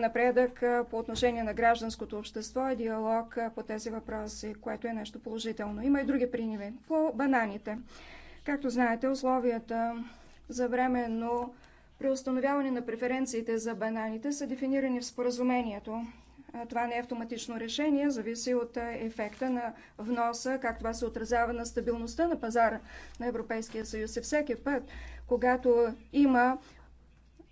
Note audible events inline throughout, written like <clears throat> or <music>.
напредък по отношение на гражданското общество и е диалог по тези въпроси, което е нещо положително. Има и други приниви. По бананите. Както знаете, условията за временно преустановяване на преференциите за бананите са дефинирани в споразумението. Това не е автоматично решение, зависи от ефекта на вноса, как това се отразява на стабилността на пазара на Европейския съюз. И всеки път, когато има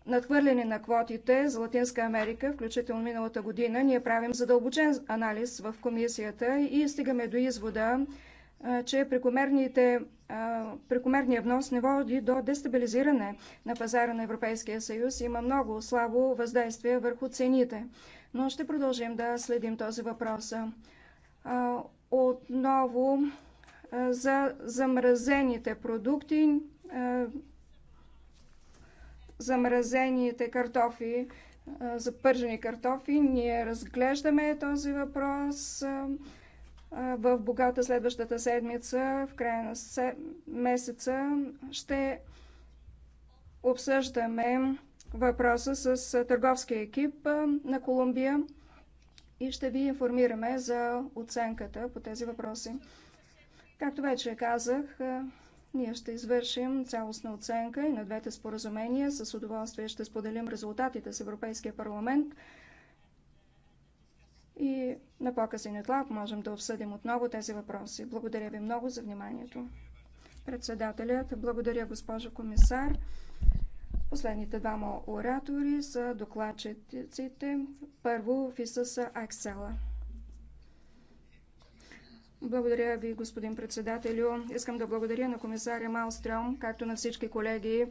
надхвърляне на квотите за Латинска Америка, включително миналата година, ние правим задълбочен анализ в комисията и стигаме до извода, че прекомерният внос не води до дестабилизиране на пазара на Европейския съюз. Има много слабо въздействие върху цените. Но ще продължим да следим този въпрос. Отново за замразените продукти замразените картофи, запържени картофи. Ние разглеждаме този въпрос в богата следващата седмица, в края на месеца, ще обсъждаме въпроса с търговския екип на Колумбия и ще ви информираме за оценката по тези въпроси. Както вече казах, ние ще извършим цялостна оценка и на двете споразумения. С удоволствие ще споделим резултатите с Европейския парламент. И на по-късен можем да обсъдим отново тези въпроси. Благодаря ви много за вниманието. Председателят, благодаря госпожо комисар. Последните двама оратори са докладчиците. Първо Фисаса Аксела. Благодаря ви, господин председателю. Искам да благодаря на комисаря Малстром, както на всички колеги,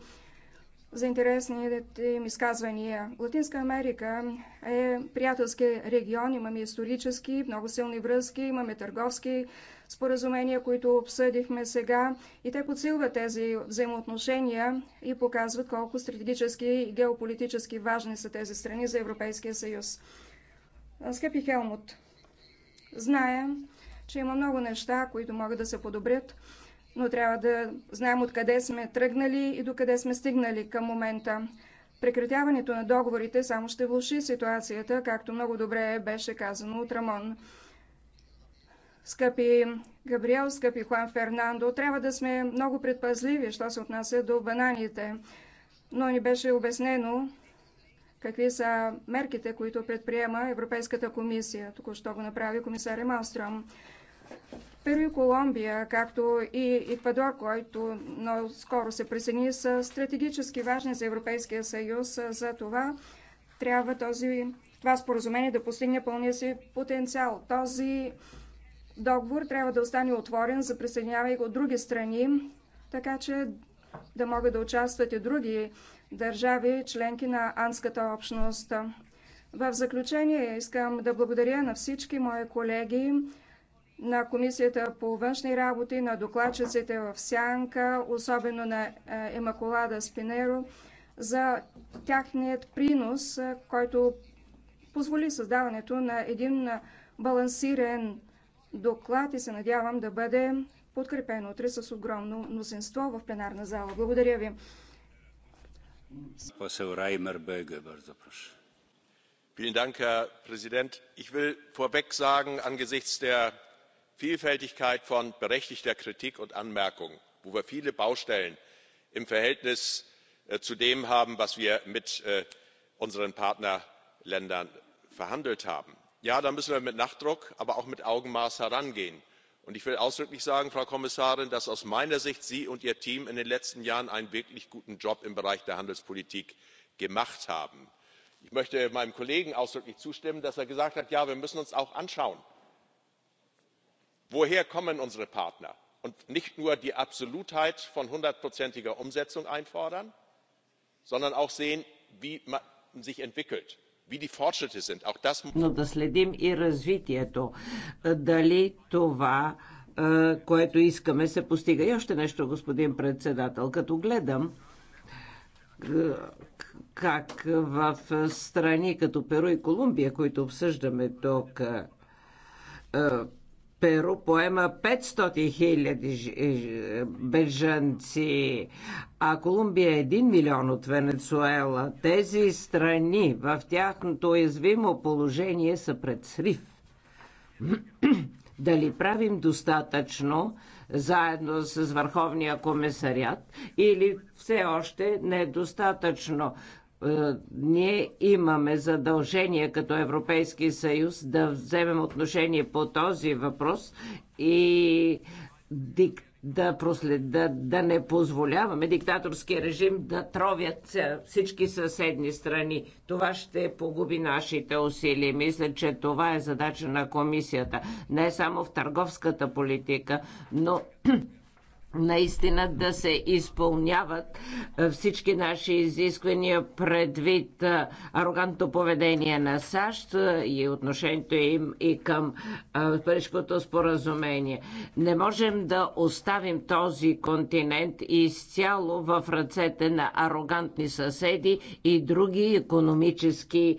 за интересните им изказвания. Латинска Америка е приятелски регион, имаме исторически, много силни връзки, имаме търговски споразумения, които обсъдихме сега и те подсилват тези взаимоотношения и показват колко стратегически и геополитически важни са тези страни за Европейския съюз. Скъпи Хелмут, знаем, че има много неща, които могат да се подобрят, но трябва да знаем откъде сме тръгнали и докъде сме стигнали към момента. Прекратяването на договорите само ще влуши ситуацията, както много добре беше казано от Рамон. Скъпи Габриел, скъпи Хуан Фернандо, трябва да сме много предпазливи, що се отнася до бананите. Но ни беше обяснено какви са мерките, които предприема Европейската комисия. Току-що го направи комисаря Малстром. Перу и Колумбия, както и Еквадор, който но скоро се присъедини, са стратегически важни за Европейския съюз. За това трябва този, това споразумение да постигне пълния си потенциал. Този договор трябва да остане отворен за присъединяване от други страни, така че да могат да участват и други държави, членки на Анската общност. В заключение искам да благодаря на всички мои колеги, на Комисията по външни работи, на докладчиците в Сянка, особено на Емакулада Спинеро, за тяхният принос, е, който позволи създаването на един е, балансиран доклад и се надявам да бъде подкрепен утре с огромно мнозинство в пленарна зала. Благодаря ви. herr präsident! ich will vorweg sagen angesichts der vielfältigkeit von berechtigter kritik und anmerkung wo wir viele baustellen im verhältnis zu dem haben was wir mit unseren partnerländern verhandelt haben. ja da müssen wir mit nachdruck aber auch mit augenmaß herangehen. und ich will ausdrücklich sagen frau kommissarin dass aus meiner sicht sie und ihr team in den letzten jahren einen wirklich guten job im bereich der handelspolitik gemacht haben. ich möchte meinem kollegen ausdrücklich zustimmen dass er gesagt hat ja wir müssen uns auch anschauen woher kommen unsere partner und nicht nur die absolutheit von hundertprozentiger umsetzung einfordern sondern auch sehen wie man sich entwickelt но да следим и развитието. Дали това, което искаме, се постига. И още нещо, господин председател. Като гледам как в страни като Перу и Колумбия, които обсъждаме тук, Перу поема 500 хиляди е, е, бежанци, а Колумбия е 1 милион от Венецуела. Тези страни в тяхното уязвимо положение са пред срив. Дали правим достатъчно заедно с Върховния комисарят или все още недостатъчно? Е, ние имаме задължение като Европейски съюз да вземем отношение по този въпрос и дик, да, прослед, да, да не позволяваме диктаторски режим да тровят всички съседни страни. Това ще погуби нашите усилия. Мисля, че това е задача на комисията. Не само в търговската политика, но наистина да се изпълняват всички наши изисквания предвид арогантното поведение на САЩ и отношението им и към Парижското споразумение. Не можем да оставим този континент изцяло в ръцете на арогантни съседи и други економически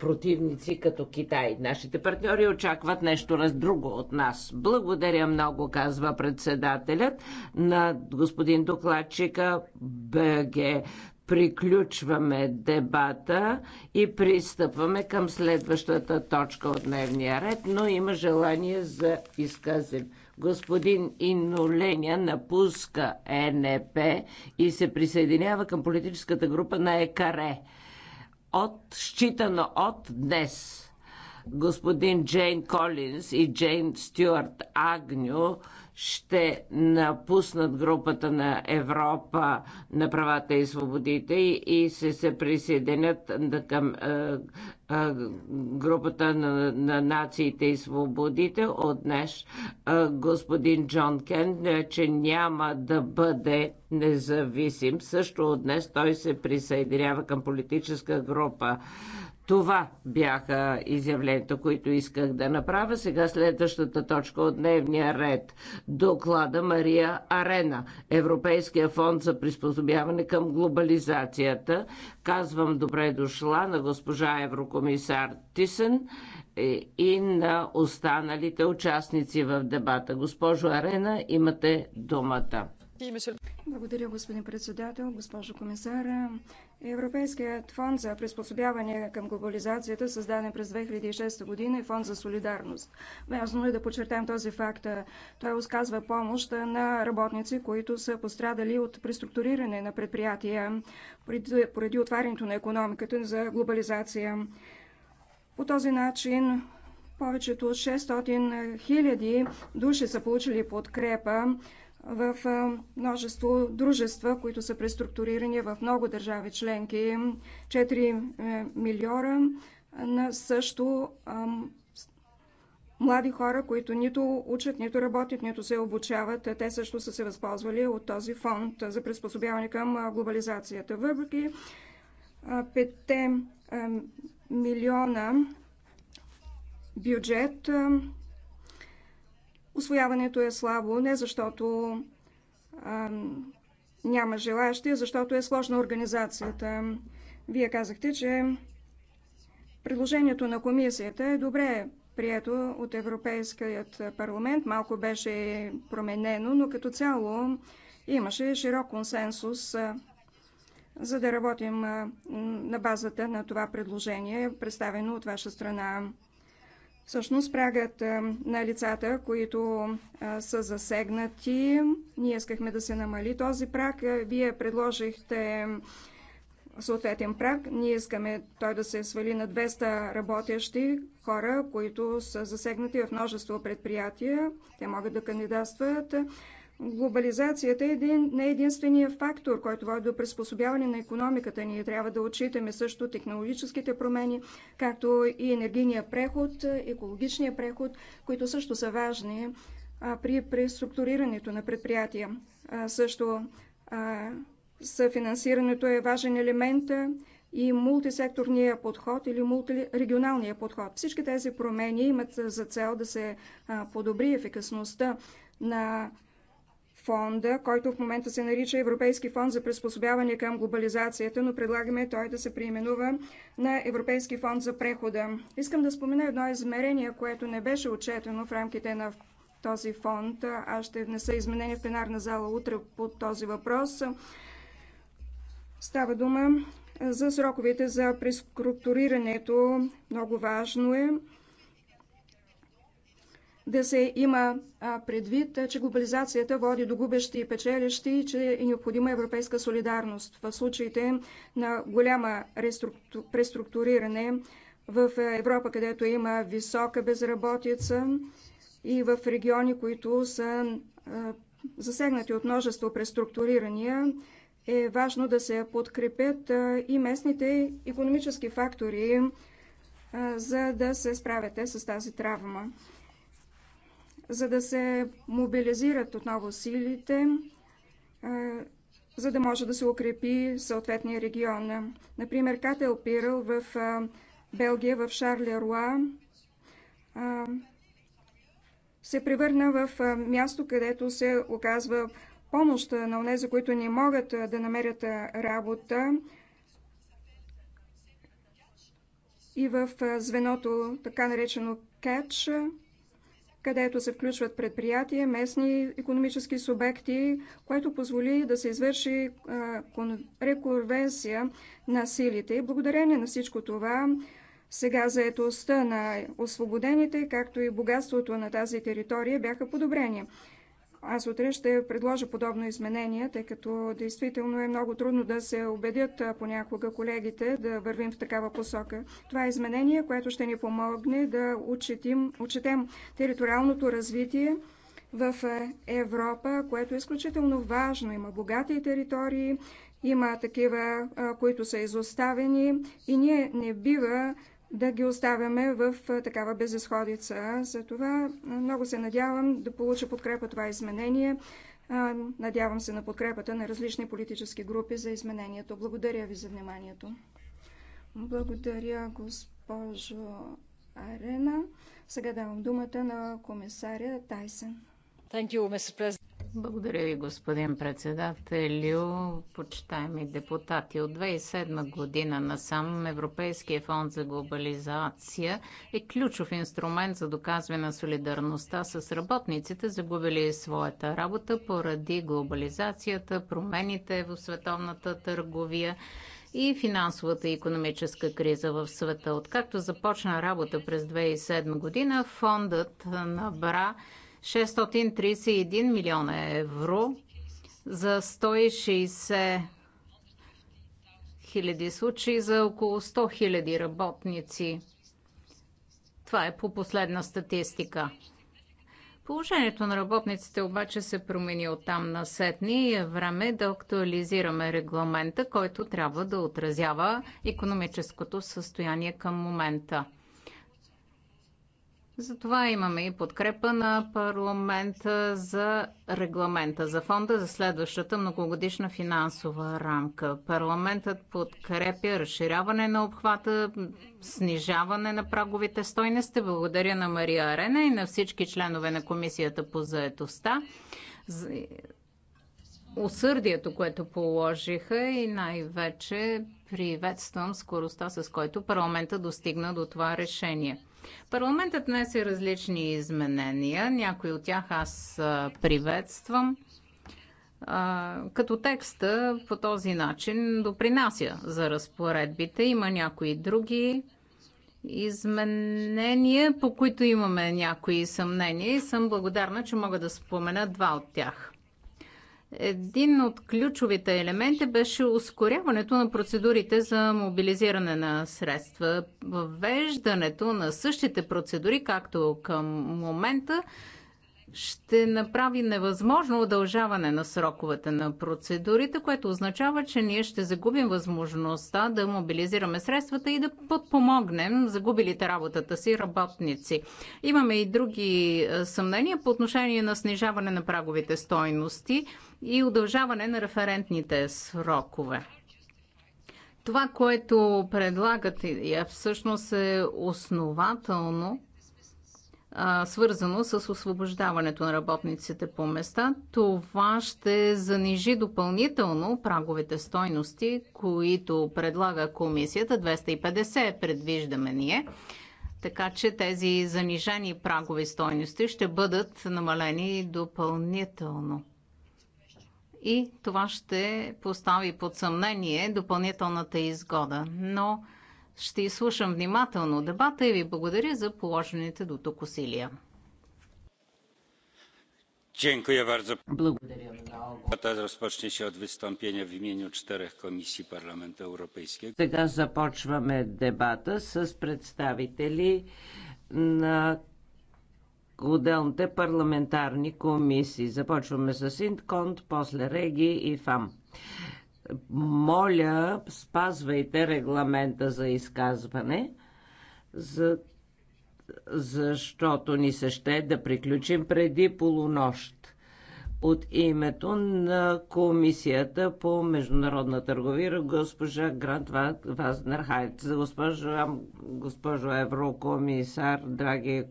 противници като Китай. Нашите партньори очакват нещо раз друго от нас. Благодаря много, казва председателят на господин докладчика БГ. Приключваме дебата и пристъпваме към следващата точка от дневния ред, но има желание за изказен. Господин Иноления напуска ЕНП и се присъединява към политическата група на ЕКАРЕ. От, считано от днес господин Джейн Колинс и Джейн Стюарт Агню ще напуснат групата на Европа на правата и свободите и ще се присъединят към е, е, групата на, на нациите и свободите от днес е, господин Джон Кен, че няма да бъде независим. Също от днес той се присъединява към политическа група. Това бяха изявленията, които исках да направя. Сега следващата точка от дневния ред. Доклада Мария Арена. Европейския фонд за приспособяване към глобализацията. Казвам добре дошла на госпожа еврокомисар Тисен и на останалите участници в дебата. Госпожо Арена, имате думата. Благодаря, господин председател, госпожо комисара. Европейският фонд за приспособяване към глобализацията, създаден през 2006 година, е фонд за солидарност. Важно е да подчертаем този факт. Той осказва помощ на работници, които са пострадали от преструктуриране на предприятия поради отварянето на економиката за глобализация. По този начин повечето от 600 хиляди души са получили подкрепа в множество дружества, които са преструктурирани в много държави членки. 4 е, милиона на също млади хора, които нито учат, нито работят, нито се обучават. Те също са се възползвали от този фонд за приспособяване към глобализацията. Въпреки 5 милиона бюджет Освояването е слабо не защото а, няма а защото е сложна организацията. Вие казахте, че предложението на комисията е добре прието от Европейският парламент. Малко беше променено, но като цяло имаше широк консенсус за да работим на базата на това предложение, представено от ваша страна. Всъщност прагът на лицата, които е, са засегнати, ние искахме да се намали този праг. Е, вие предложихте съответен праг. Ние искаме той да се свали на 200 работещи хора, които са засегнати в множество предприятия. Те могат да кандидатстват. Глобализацията е един, не е единствения фактор, който води до приспособяване на економиката. Ние трябва да отчитаме също технологическите промени, както и енергийния преход, екологичния преход, които също са важни а, при преструктурирането на предприятия. А, също а, съфинансирането е важен елемент и мултисекторния подход или мултирегионалния подход. Всички тези промени имат за цел да се подобри ефикасността на фонда, който в момента се нарича Европейски фонд за приспособяване към глобализацията, но предлагаме той да се преименува на Европейски фонд за прехода. Искам да спомена едно измерение, което не беше отчетено в рамките на този фонд. Аз ще внеса изменение в пленарна зала утре по този въпрос. Става дума за сроковете за преструктурирането. Много важно е да се има предвид, че глобализацията води до губещи и печелещи и че е необходима европейска солидарност. В случаите на голяма реструкту... преструктуриране в Европа, където има висока безработица и в региони, които са засегнати от множество преструктурирания, е важно да се подкрепят и местните економически фактори, за да се справяте с тази травма за да се мобилизират отново силите, за да може да се укрепи съответния регион. Например, Кател Пирал в Белгия, в Шарлеруа, се превърна в място, където се оказва помощ на тези, които не могат да намерят работа. И в звеното, така наречено КЕЧ, където се включват предприятия, местни економически субекти, което позволи да се извърши реконвенция на силите. И благодарение на всичко това, сега заетостта на освободените, както и богатството на тази територия бяха подобрени. Аз утре ще предложа подобно изменение, тъй като действително е много трудно да се убедят понякога колегите да вървим в такава посока. Това е изменение, което ще ни помогне да учетим, учетем териториалното развитие в Европа, което е изключително важно. Има богати територии, има такива, които са изоставени и ние не бива да ги оставяме в такава безисходица. Затова много се надявам да получа подкрепа това изменение. Надявам се на подкрепата на различни политически групи за изменението. Благодаря ви за вниманието. Благодаря, госпожо Арена. Сега давам думата на комисаря Тайсен. Thank you, Mr. Благодаря ви, господин председателю. Почитаеми депутати, от 2007 година насам Европейския фонд за глобализация е ключов инструмент за доказване на солидарността с работниците, загубили своята работа поради глобализацията, промените в световната търговия и финансовата и економическа криза в света. Откакто започна работа през 2007 година, фондът набра 631 милиона евро за 160 хиляди случаи за около 100 хиляди работници. Това е по последна статистика. Положението на работниците обаче се промени от там на сетни и е време да актуализираме регламента, който трябва да отразява економическото състояние към момента. Затова имаме и подкрепа на парламента за регламента за фонда за следващата многогодишна финансова рамка. Парламентът подкрепя разширяване на обхвата, снижаване на праговите стойности. Благодаря на Мария Арена и на всички членове на Комисията по заетостта усърдието, което положиха и най-вече приветствам скоростта, с който парламента достигна до това решение. Парламентът днес е различни изменения. Някои от тях аз приветствам като текста по този начин допринася за разпоредбите. Има някои други изменения, по които имаме някои съмнения и съм благодарна, че мога да спомена два от тях. Един от ключовите елементи беше ускоряването на процедурите за мобилизиране на средства. Въвеждането на същите процедури, както към момента, ще направи невъзможно удължаване на сроковете на процедурите, което означава, че ние ще загубим възможността да мобилизираме средствата и да подпомогнем загубилите работата си работници. Имаме и други е, съмнения по отношение на снижаване на праговите стойности и удължаване на референтните срокове. Това, което предлагат, е всъщност е основателно свързано с освобождаването на работниците по места. Това ще занижи допълнително праговите стойности, които предлага комисията. 250 предвиждаме ние. Така че тези занижени прагови стойности ще бъдат намалени допълнително. И това ще постави под съмнение допълнителната изгода. Но ще изслушам внимателно дебата и ви благодаря за положените до тук усилия. Dziękuję bardzo. Благодаря много. Започне се от od в имени от четирех комисии парламента Европейския. Сега започваме дебата с представители на отделните парламентарни комисии. Започваме с Интконт, после Реги и ФАМ. Моля, спазвайте регламента за изказване, за, защото ни се ще е да приключим преди полунощ от името на Комисията по международна търговия госпожа Грант Вазнерхайт. Госпожо, госпожо еврокомисар, драги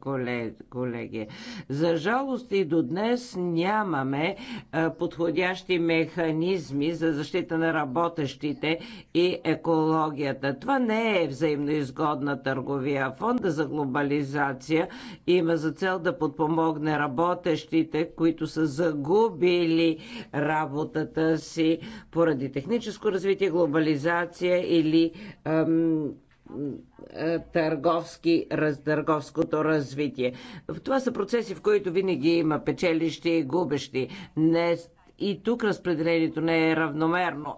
колеги, за жалост и до днес нямаме е, подходящи механизми за защита на работещите и екологията. Това не е взаимноизгодна търговия. Фонда за глобализация има за цел да подпомогне работещите, които са загубили загубили работата си поради техническо развитие, глобализация или търговски, раз, търговското развитие. Това са процеси, в които винаги има печелищи и губещи. Не, и тук разпределението не е равномерно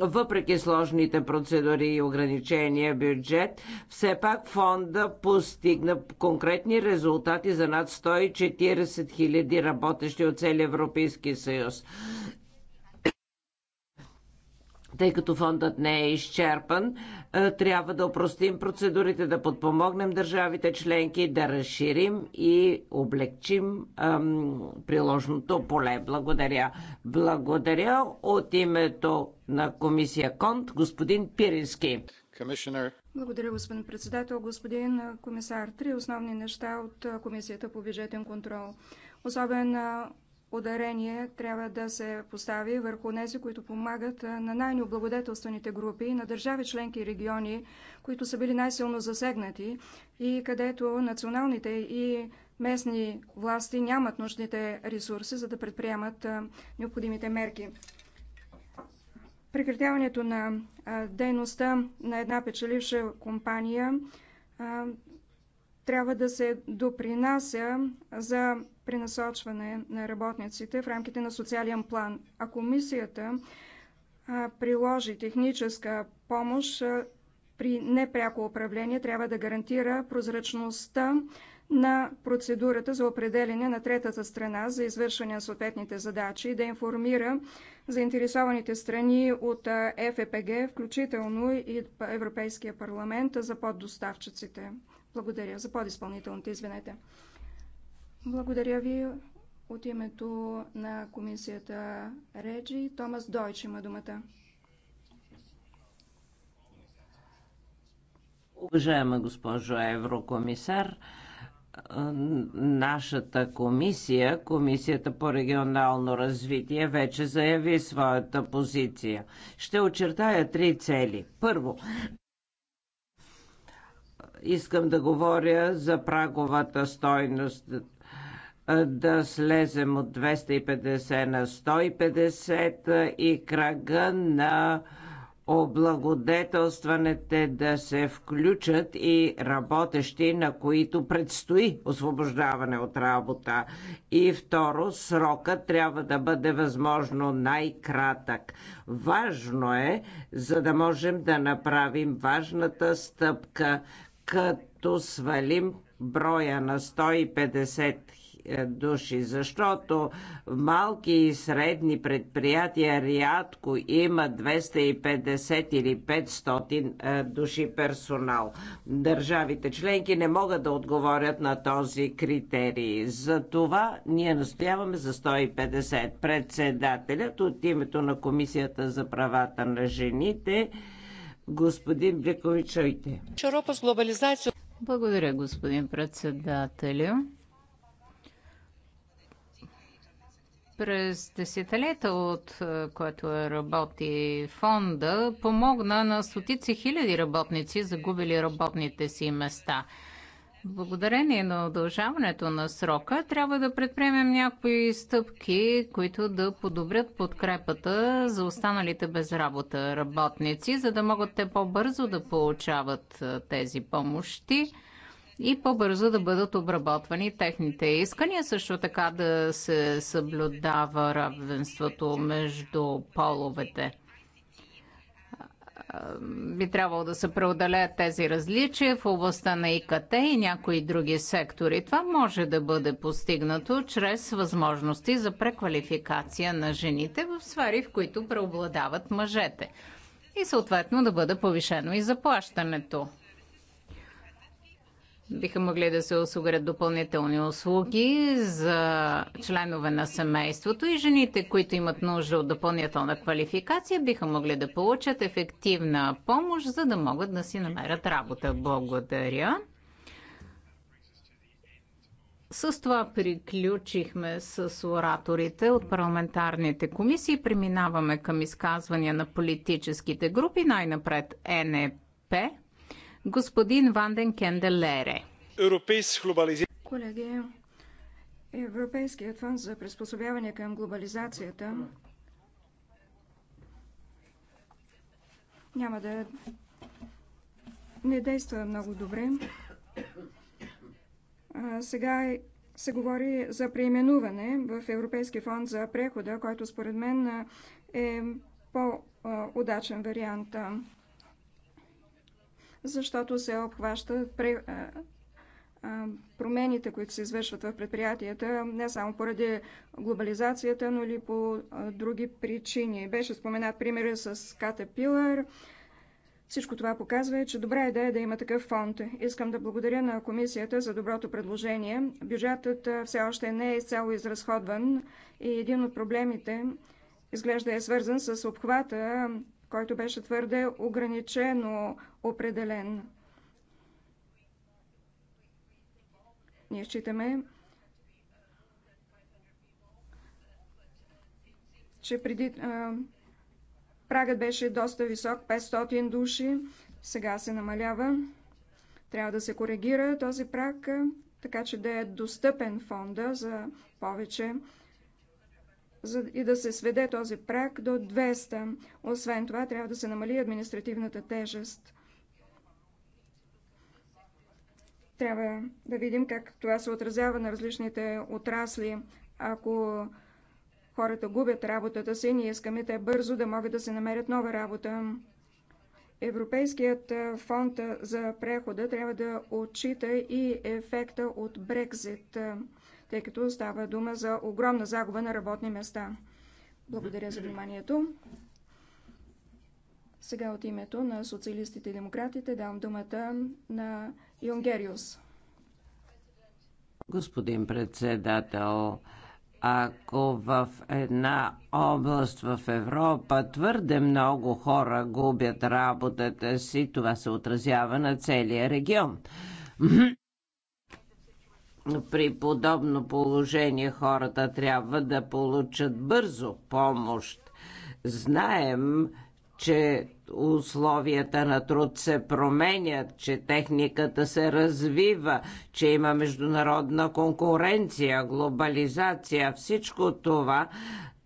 въпреки сложните процедури и ограничения бюджет, все пак фонда постигна конкретни резултати за над 140 000 работещи от цели Европейски съюз тъй като фондът не е изчерпан, е, трябва да опростим процедурите, да подпомогнем държавите членки, да разширим и облегчим ам, приложното поле. Благодаря. Благодаря от името на комисия Конт, господин Пирински. Благодаря, господин председател. Господин комисар, три основни неща от Комисията по бюджетен контрол. Особен ударение трябва да се постави върху тези, които помагат на най-необлагодетелстваните групи, на държави, членки и региони, които са били най-силно засегнати и където националните и местни власти нямат нужните ресурси, за да предприемат необходимите мерки. Прекратяването на дейността на една печеливша компания трябва да се допринася за пренасочване на работниците в рамките на социален план. А комисията приложи техническа помощ при непряко управление, трябва да гарантира прозрачността на процедурата за определение на третата страна за извършване на съответните задачи, да информира заинтересованите страни от ФПГ, е включително и Европейския парламент за поддоставчиците. Благодаря за подизпълнителните, извинете. Благодаря ви от името на комисията Реджи. Томас Дойч има думата. Уважаема госпожо еврокомисар, нашата комисия, Комисията по регионално развитие, вече заяви своята позиция. Ще очертая три цели. Първо, искам да говоря за праговата стойност да слезем от 250 на 150 и кръга на облагодетелстваните да се включат и работещи, на които предстои освобождаване от работа. И второ, срока трябва да бъде възможно най-кратък. Важно е, за да можем да направим важната стъпка, като свалим броя на 150 е, души, защото малки и средни предприятия рядко има 250 или 500 е, души персонал. Държавите членки не могат да отговорят на този критерий. За това ние настояваме за 150. Председателят от името на Комисията за правата на жените господин Бекович Благодаря, господин председателю. През десетилета, от е, което е работи фонда, помогна на стотици хиляди работници, загубили работните си места. Благодарение на удължаването на срока, трябва да предприемем някои стъпки, които да подобрят подкрепата за останалите без работа работници, за да могат те по-бързо да получават е, тези помощи и по-бързо да бъдат обработвани техните искания. Също така да се съблюдава равенството между половете би трябвало да се преодолеят тези различия в областта на ИКТ и някои други сектори. Това може да бъде постигнато чрез възможности за преквалификация на жените в сфери, в които преобладават мъжете. И съответно да бъде повишено и заплащането биха могли да се осигурят допълнителни услуги за членове на семейството и жените, които имат нужда от допълнителна квалификация, биха могли да получат ефективна помощ, за да могат да си намерят работа. Благодаря. С това приключихме с ораторите от парламентарните комисии. Преминаваме към изказвания на политическите групи. Най-напред НЕП господин Ванден Кенделере. Колеги, Европейският фонд за приспособяване към глобализацията няма да не действа много добре. Сега се говори за преименуване в Европейски фонд за прехода, който според мен е по-удачен вариант защото се а, промените, които се извършват в предприятията, не само поради глобализацията, но и по други причини. Беше споменат примери с Caterpillar. Всичко това показва, че добра идея е да има такъв фонд. Искам да благодаря на комисията за доброто предложение. Бюджетът все още не е изцяло изразходван и един от проблемите изглежда е свързан с обхвата който беше твърде ограничено определен. Ние считаме, че преди а, прагът беше доста висок, 500 души, сега се намалява. Трябва да се коригира този праг, така че да е достъпен фонда за повече за и да се сведе този прак до 200. Освен това, трябва да се намали административната тежест. Трябва да видим как това се отразява на различните отрасли. Ако хората губят работата си, ние искаме те бързо да могат да се намерят нова работа. Европейският фонд за прехода трябва да отчита и ефекта от Брекзит тъй като става дума за огромна загуба на работни места. Благодаря за вниманието. Сега от името на социалистите и демократите давам думата на Юнгериус. Господин председател, ако в една област в Европа твърде много хора губят работата си, това се отразява на целия регион при подобно положение хората трябва да получат бързо помощ. Знаем, че условията на труд се променят, че техниката се развива, че има международна конкуренция, глобализация. Всичко това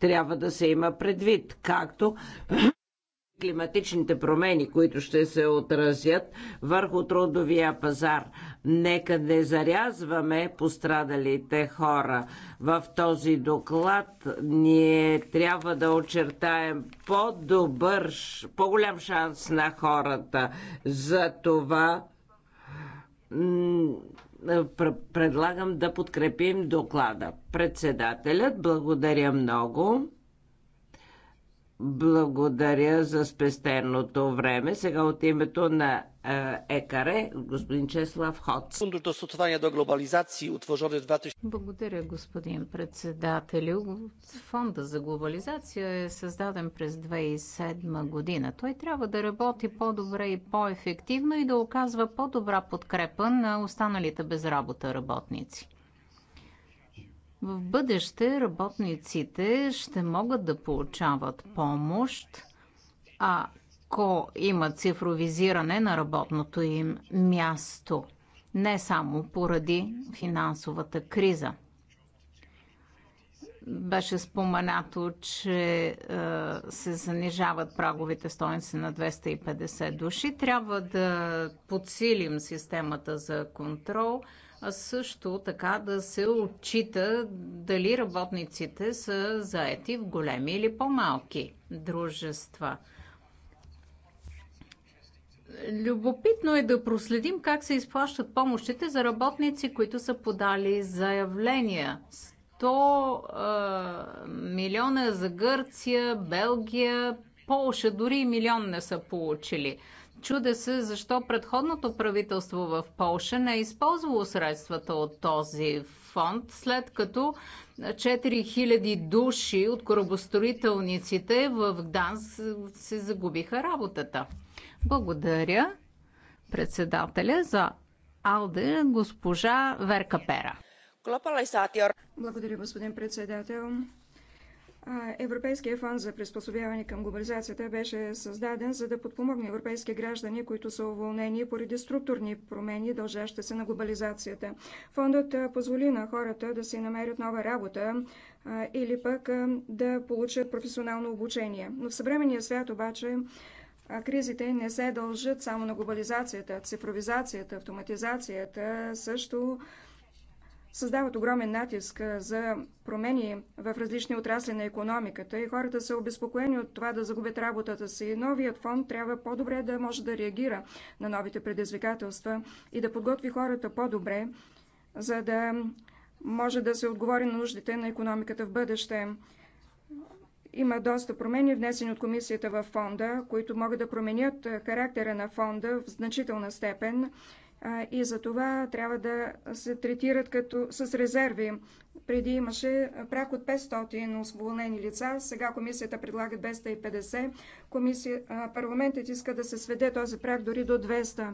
трябва да се има предвид, както климатичните промени, които ще се отразят върху трудовия пазар. Нека не зарязваме пострадалите хора. В този доклад ние трябва да очертаем по-добър, по-голям шанс на хората. За това предлагам да подкрепим доклада. Председателят, благодаря много. Благодаря за спестеното време. Сега от името на е, ЕКАРЕ, господин Чеслав Хоц. глобализации, в Благодаря, господин председател. Фонда за глобализация е създаден през 2007 година. Той трябва да работи по-добре и по-ефективно и да оказва по-добра подкрепа на останалите безработа работници. В бъдеще работниците ще могат да получават помощ, ако има цифровизиране на работното им място, не само поради финансовата криза беше споменато, че е, се занижават праговите стоенци на 250 души. Трябва да подсилим системата за контрол а също така да се отчита дали работниците са заети в големи или по-малки дружества. Любопитно е да проследим как се изплащат помощите за работници, които са подали заявления. 100 милиона за Гърция, Белгия, Полша дори милион не са получили. Чуда се защо предходното правителство в Полша не е използвало средствата от този фонд, след като 4000 души от корабостроителниците в Гданс се загубиха работата. Благодаря председателя за Алде, госпожа Верка Пера. Благодаря, господин председател. Европейския фонд за приспособяване към глобализацията беше създаден за да подпомогне европейски граждани, които са уволнени поради структурни промени, дължащи се на глобализацията. Фондът позволи на хората да си намерят нова работа или пък да получат професионално обучение. Но в съвременния свят обаче кризите не се дължат само на глобализацията, цифровизацията, автоматизацията също създават огромен натиск за промени в различни отрасли на економиката и хората са обезпокоени от това да загубят работата си. Новият фонд трябва по-добре да може да реагира на новите предизвикателства и да подготви хората по-добре, за да може да се отговори на нуждите на економиката в бъдеще. Има доста промени, внесени от комисията в фонда, които могат да променят характера на фонда в значителна степен и за това трябва да се третират като с резерви. Преди имаше прак от 500 освободени лица, сега комисията предлага 250. Комисия, парламентът иска да се сведе този прак дори до 200.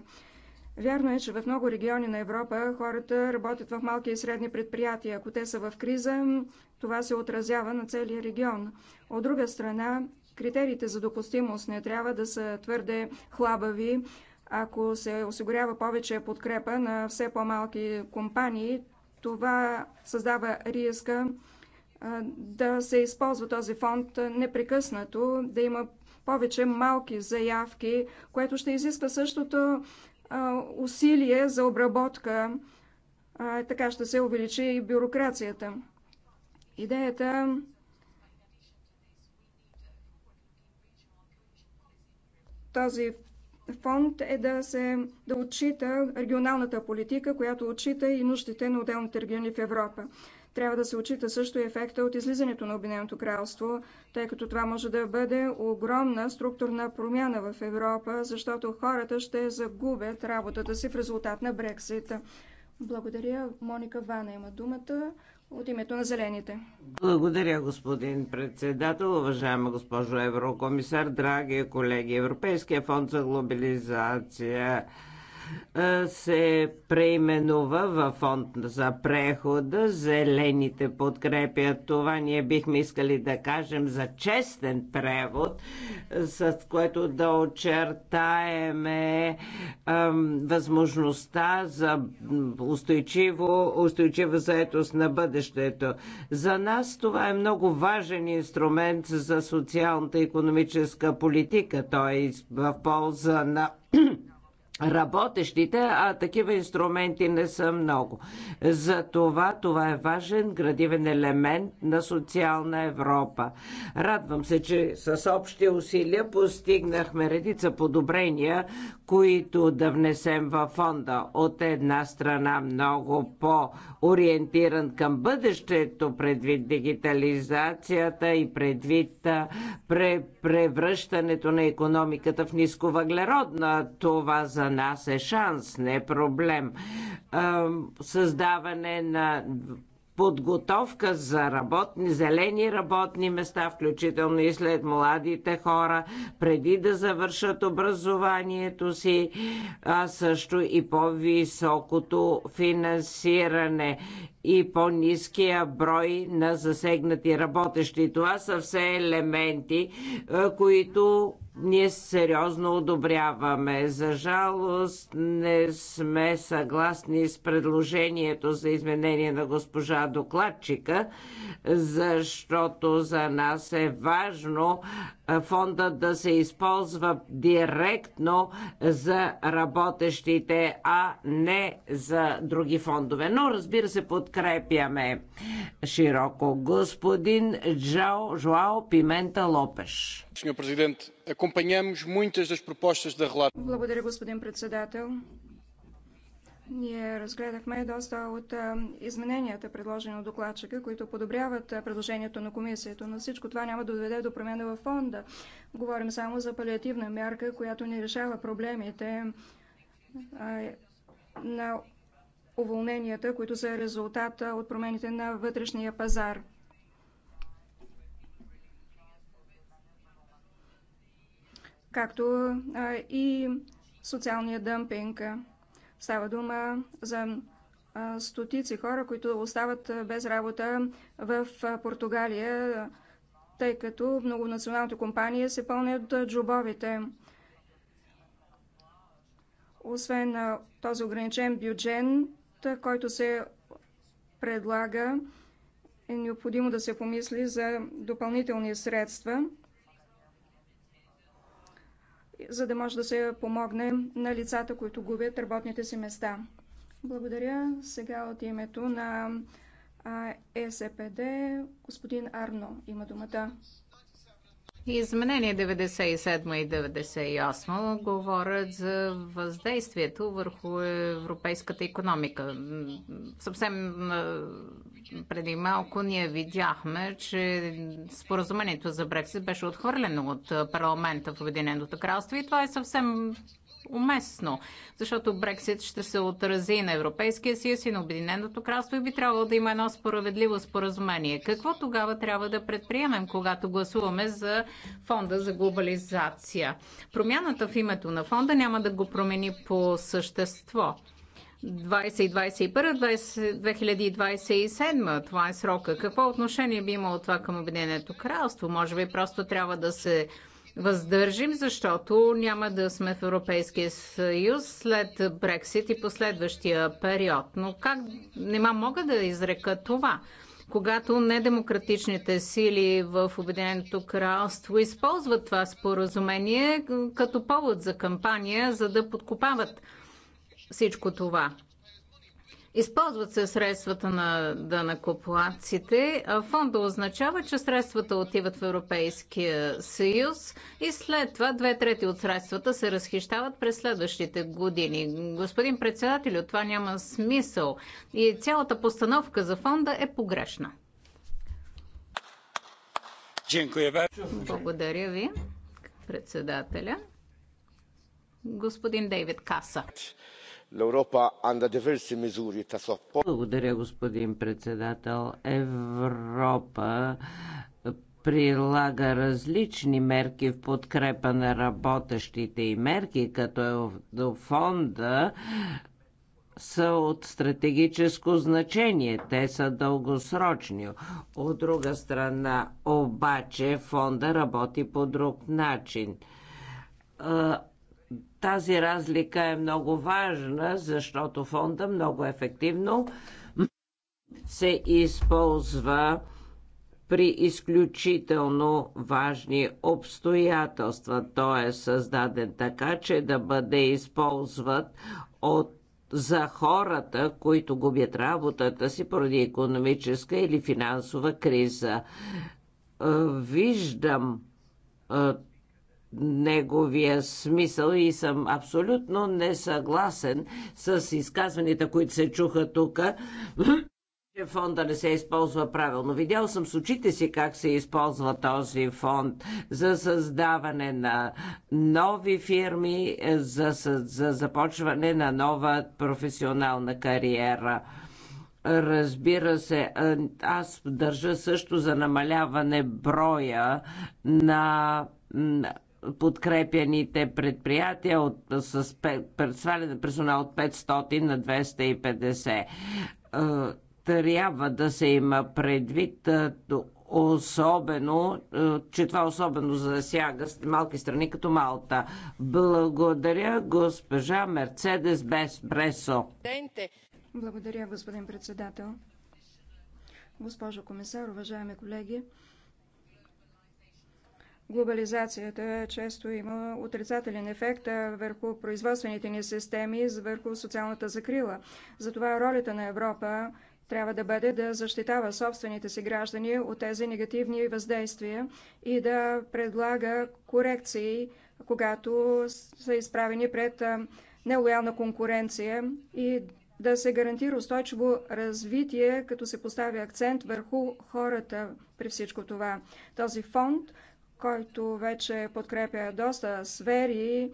Вярно е, че в много региони на Европа хората работят в малки и средни предприятия. Ако те са в криза, това се отразява на целия регион. От друга страна, критериите за допустимост не трябва да са твърде хлабави, ако се осигурява повече подкрепа на все по-малки компании, това създава риска да се използва този фонд непрекъснато, да има повече малки заявки, което ще изисква същото усилие за обработка. Така ще се увеличи и бюрокрацията. Идеята този фонд е да се да отчита регионалната политика, която отчита и нуждите на отделните региони в Европа. Трябва да се отчита също и ефекта от излизането на Обединеното кралство, тъй като това може да бъде огромна структурна промяна в Европа, защото хората ще загубят работата си в резултат на Брексита. Благодаря. Моника Вана има думата от името на зелените. Благодаря, господин председател, уважаема госпожо еврокомисар, драги колеги. Европейския фонд за глобализация се преименува в фонд за прехода. Зелените подкрепят това. Ние бихме искали да кажем за честен превод, с което да очертаеме възможността за устойчиво, устойчива заетост на бъдещето. За нас това е много важен инструмент за социалната и економическа политика. Той е в полза на работещите, а такива инструменти не са много. За това това е важен градивен елемент на социална Европа. Радвам се, че с общи усилия постигнахме редица подобрения, които да внесем във фонда. От една страна много по-ориентиран към бъдещето предвид дигитализацията и предвид пре превръщането на економиката в нисковъглеродна. Това за нас е шанс, не проблем. Създаване на подготовка за работни, зелени работни места, включително и след младите хора, преди да завършат образованието си, а също и по-високото финансиране и по-низкия брой на засегнати работещи. Това са все елементи, които ние сериозно одобряваме. За жалост не сме съгласни с предложението за изменение на госпожа докладчика, защото за нас е важно фонда да се използва директно за работещите, а не за други фондове. Но, разбира се, подкрепяме широко господин Джао Жоао Пимента Лопеш. Благодаря, господин председател. Ние разгледахме доста от измененията, предложени от докладчика, които подобряват предложението на комисията, но всичко това няма да доведе до промяна във фонда. Говорим само за палиативна мярка, която не решава проблемите на уволненията, които са резултата от промените на вътрешния пазар. както и социалния дъмпинг. Става дума за стотици хора, които остават без работа в Португалия, тъй като многонационалните компании се пълнят джобовите. Освен този ограничен бюджет, който се предлага, е необходимо да се помисли за допълнителни средства – за да може да се помогне на лицата, които губят работните си места. Благодаря. Сега от името на ЕСПД господин Арно има думата. Изменение 97 и 98 говорят за въздействието върху европейската економика. Съвсем преди малко ние видяхме, че споразумението за Брексит беше отхвърлено от парламента в Обединеното кралство и това е съвсем уместно, защото Брексит ще се отрази на Европейския съюз и на Обединеното кралство и би трябвало да има едно справедливо споразумение. Какво тогава трябва да предприемем, когато гласуваме за фонда за глобализация? Промяната в името на фонда няма да го промени по същество. 2021-2027. Това е срока. Какво отношение би имало това към Обединеното кралство? Може би просто трябва да се въздържим, защото няма да сме в Европейския съюз след Брексит и последващия период. Но как нема мога да изрека това? когато недемократичните сили в Обединеното кралство използват това споразумение като повод за кампания, за да подкопават всичко това. Използват се средствата на данакоплаците. Фонда означава, че средствата отиват в Европейския съюз и след това две трети от средствата се разхищават през следващите години. Господин председател, от това няма смисъл и цялата постановка за фонда е погрешна. Благодаря ви, председателя. Господин Дейвид Каса. Благодаря, господин председател. Европа е, прилага различни мерки в подкрепа на работещите и мерки, като е фонда са от стратегическо значение. Те са дългосрочни. От друга страна, обаче, фонда работи по друг начин е, тази разлика е много важна, защото фонда много ефективно се използва при изключително важни обстоятелства. Той е създаден така, че да бъде използват от за хората, които губят работата си поради економическа или финансова криза. Е, виждам е, неговия смисъл и съм абсолютно несъгласен с изказванията, които се чуха тук, че фонда не се използва правилно. Видял съм с очите си как се използва този фонд за създаване на нови фирми, за, за започване на нова професионална кариера. Разбира се, аз държа също за намаляване броя на подкрепяните предприятия от, с, сваляне на персонал от 500 на 250. Е, трябва да се има предвид е, особено, е, че това особено засяга малки страни като Малта. Благодаря госпожа Мерцедес без Бресо. Благодаря, господин председател. Госпожо комисар, уважаеми колеги, Глобализацията често има отрицателен ефект върху производствените ни системи, върху социалната закрила. Затова ролята на Европа трябва да бъде да защитава собствените си граждани от тези негативни въздействия и да предлага корекции, когато са изправени пред нелоялна конкуренция и да се гарантира устойчиво развитие, като се постави акцент върху хората при всичко това. Този фонд който вече подкрепя доста сфери,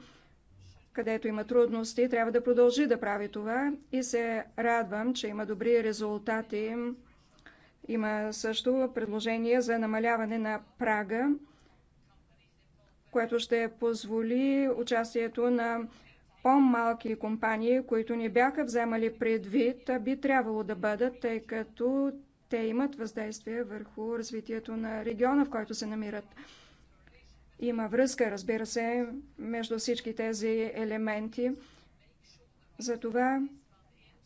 където има трудности, трябва да продължи да прави това и се радвам, че има добри резултати. Има също предложение за намаляване на прага, което ще позволи участието на по-малки компании, които не бяха вземали предвид, би трябвало да бъдат, тъй като те имат въздействие върху развитието на региона, в който се намират. Има връзка, разбира се, между всички тези елементи. Затова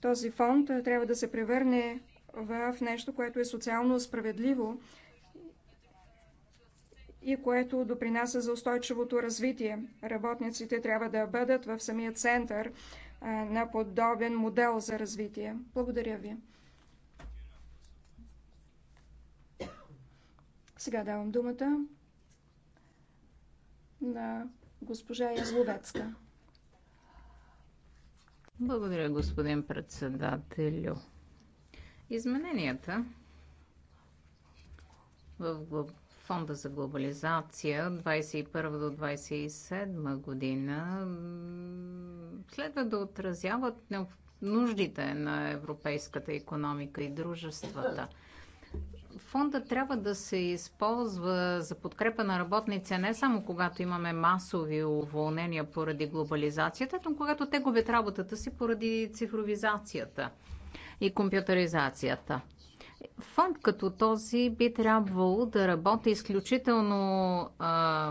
този фонд трябва да се превърне в нещо, което е социално справедливо и което допринася за устойчивото развитие. Работниците трябва да бъдат в самия център на подобен модел за развитие. Благодаря ви. Сега давам думата на госпожа Язловецка. Благодаря, господин председателю. Измененията в Фонда за глобализация 21 до 27 година следва да отразяват нуждите на европейската економика и дружествата фонда трябва да се използва за подкрепа на работници не само когато имаме масови уволнения поради глобализацията, но когато те губят работата си поради цифровизацията и компютъризацията. Фонд като този би трябвало да работи изключително а,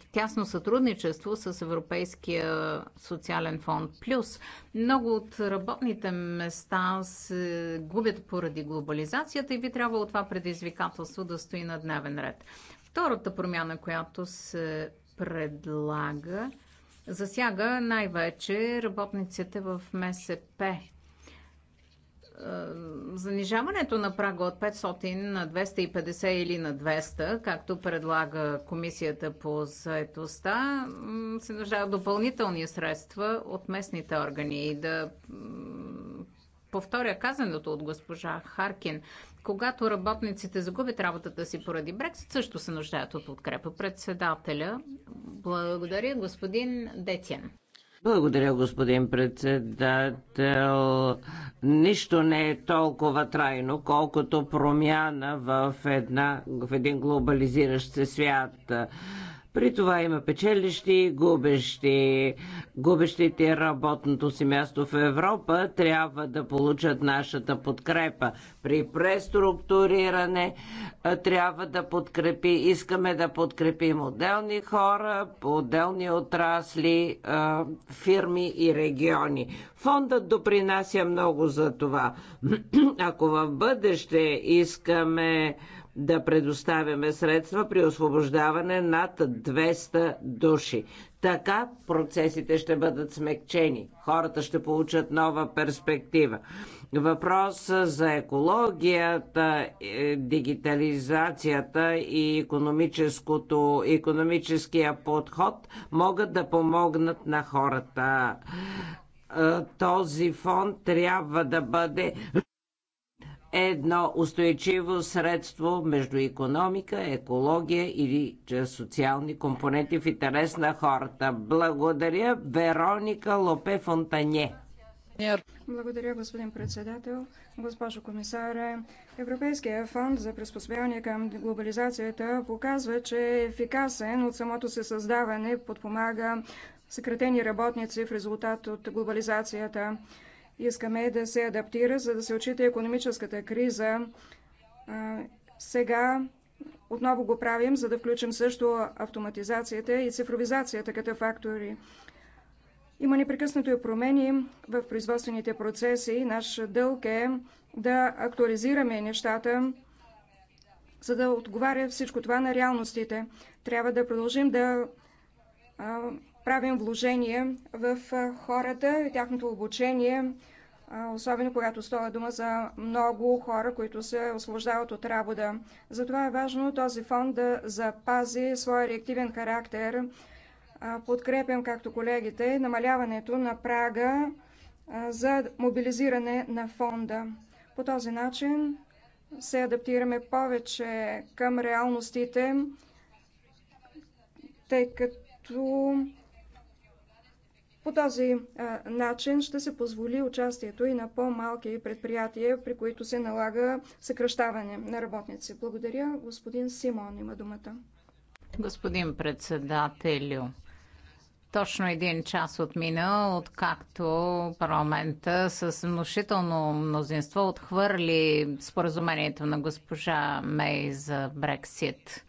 в тясно сътрудничество с Европейския социален фонд Плюс. Много от работните места се губят поради глобализацията и би трябвало това предизвикателство да стои на дневен ред. Втората промяна, която се предлага, засяга най-вече работниците в МСП е, занижаването на прага от 500 на 250 или на 200, както предлага Комисията по заедостта, се нуждае допълнителни средства от местните органи. И да повторя казаното от госпожа Харкин, когато работниците загубят работата си поради Брексит, също се нуждаят от подкрепа. Председателя, благодаря господин Детян. Благодаря, господин председател. Нищо не е толкова трайно, колкото промяна в, една, в един глобализиращ се свят при това има печелищи, губещи. Губещите работното си място в Европа трябва да получат нашата подкрепа. При преструктуриране трябва да подкрепи, искаме да подкрепим отделни хора, отделни отрасли, фирми и региони. Фондът допринася много за това. <clears throat> Ако в бъдеще искаме да предоставяме средства при освобождаване над 200 души. Така процесите ще бъдат смекчени. Хората ще получат нова перспектива. Въпрос за екологията, е, дигитализацията и економическия подход могат да помогнат на хората. Е, този фонд трябва да бъде едно устойчиво средство между економика, екология или социални компоненти в интерес на хората. Благодаря Вероника Лопе Фонтанье. Благодаря, господин председател. Госпожо комисаре, Европейския фонд за приспособяване към глобализацията показва, че е ефикасен от самото се създаване, подпомага съкратени работници в резултат от глобализацията. Искаме да се адаптира, за да се отчита економическата криза. Сега отново го правим, за да включим също автоматизацията и цифровизацията като фактори. Има непрекъснато и промени в производствените процеси. Наш дълг е да актуализираме нещата, за да отговаря всичко това на реалностите. Трябва да продължим да правим вложение в хората и тяхното обучение, особено когато става дума за много хора, които се освобождават от работа. Затова е важно този фонд да запази своя реактивен характер. Подкрепям, както колегите, намаляването на прага за мобилизиране на фонда. По този начин се адаптираме повече към реалностите, тъй като по този а, начин ще се позволи участието и на по-малки предприятия, при които се налага съкръщаване на работници. Благодаря. Господин Симон има думата. Господин председателю, точно един час отмина, откакто парламента с внушително мнозинство отхвърли споразумението на госпожа Мей за Брексит.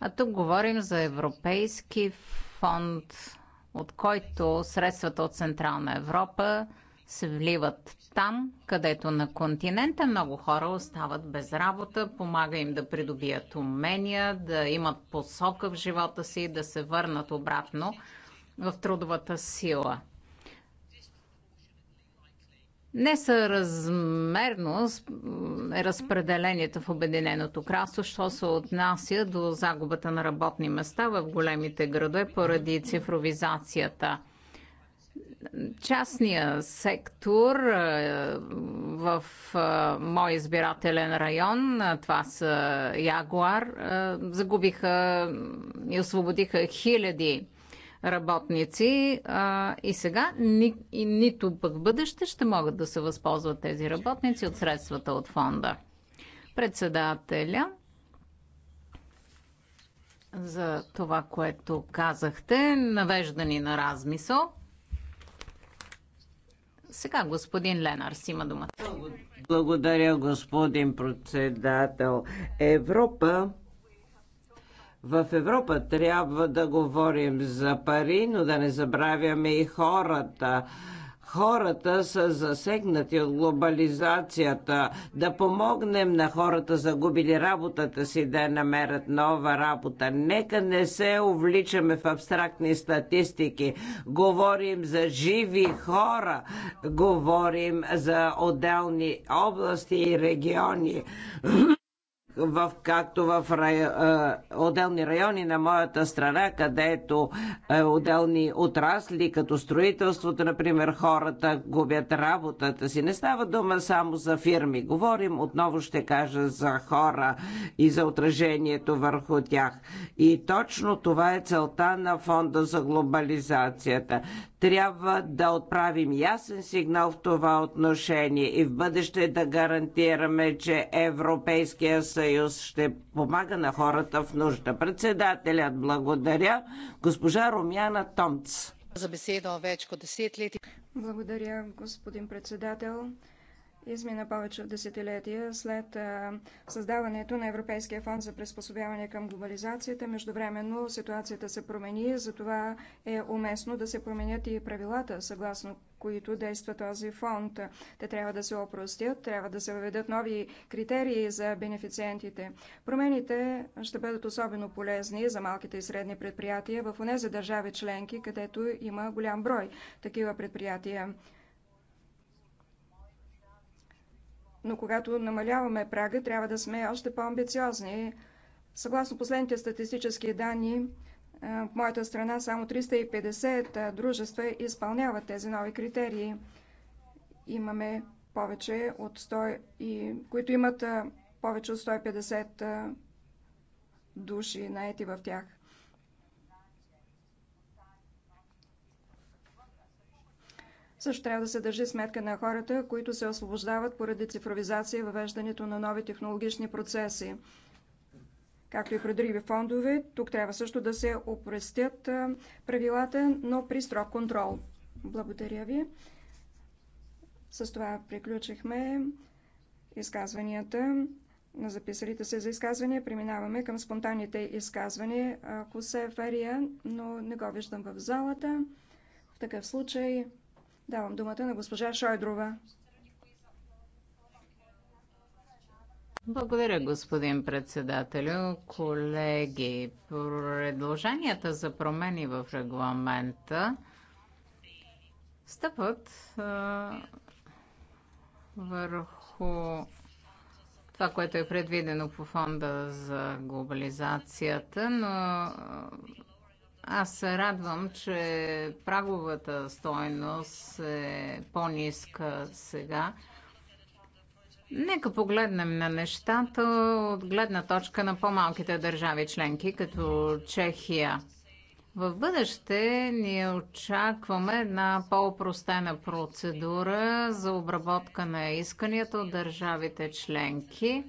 А тук говорим за Европейски фонд от който средствата от Централна Европа се вливат там, където на континента много хора остават без работа, помага им да придобият умения, да имат посока в живота си и да се върнат обратно в трудовата сила. Несъразмерно е разпределението в Обединеното кралство, що се отнася до загубата на работни места в големите градове поради цифровизацията. Частния сектор е, в е, мой избирателен район, е, това са Ягуар, загубиха и освободиха хиляди работници а, и сега ни, и нито пък в бъдеще ще могат да се възползват тези работници от средствата от фонда. Председателя за това, което казахте, навеждани на размисъл. Сега господин Ленарс има думата. Благодаря, господин председател. Европа в Европа трябва да говорим за пари, но да не забравяме и хората хората са засегнати от глобализацията, да помогнем на хората, загубили работата си, да намерят нова работа. Нека не се увличаме в абстрактни статистики. Говорим за живи хора, говорим за отделни области и региони в, както в рай, е, отделни райони на моята страна, където е, отделни отрасли, като строителството, например, хората губят работата си. Не става дума само за фирми. Говорим, отново ще кажа, за хора и за отражението върху тях. И точно това е целта на Фонда за глобализацията. Трябва да отправим ясен сигнал в това отношение и в бъдеще да гарантираме, че Европейския съюз ще помага на хората в нужда. Председателят благодаря. Госпожа Румяна Томц. За беседа вече 10 лет. Благодаря, господин председател. Измина повече от десетилетия след създаването на Европейския фонд за приспособяване към глобализацията. Междувременно ситуацията се промени, затова е уместно да се променят и правилата, съгласно които действа този фонд. Те трябва да се опростят, трябва да се въведат нови критерии за бенефициентите. Промените ще бъдат особено полезни за малките и средни предприятия в онези държави членки, където има голям брой такива предприятия. но когато намаляваме прага, трябва да сме още по-амбициозни. Съгласно последните статистически данни, в моята страна само 350 дружества изпълняват тези нови критерии. Имаме повече от 100, и, които имат повече от 150 души наети в тях. Също трябва да се държи сметка на хората, които се освобождават поради цифровизация и въвеждането на нови технологични процеси. Както и при други фондове, тук трябва също да се опрестят правилата, но при строг контрол. Благодаря ви. С това приключихме изказванията на записалите се за изказвания. Преминаваме към спонтанните изказвания. е Фария, но не го виждам в залата. В такъв случай Давам думата на госпожа Шойдрова. Благодаря, господин председателю. Колеги, предложенията за промени в регламента стъпват а, върху това, което е предвидено по фонда за глобализацията, но аз се радвам, че праговата стойност е по-ниска сега. Нека погледнем на нещата от гледна точка на по-малките държави членки, като Чехия. В бъдеще ние очакваме една по-опростена процедура за обработка на исканията от държавите членки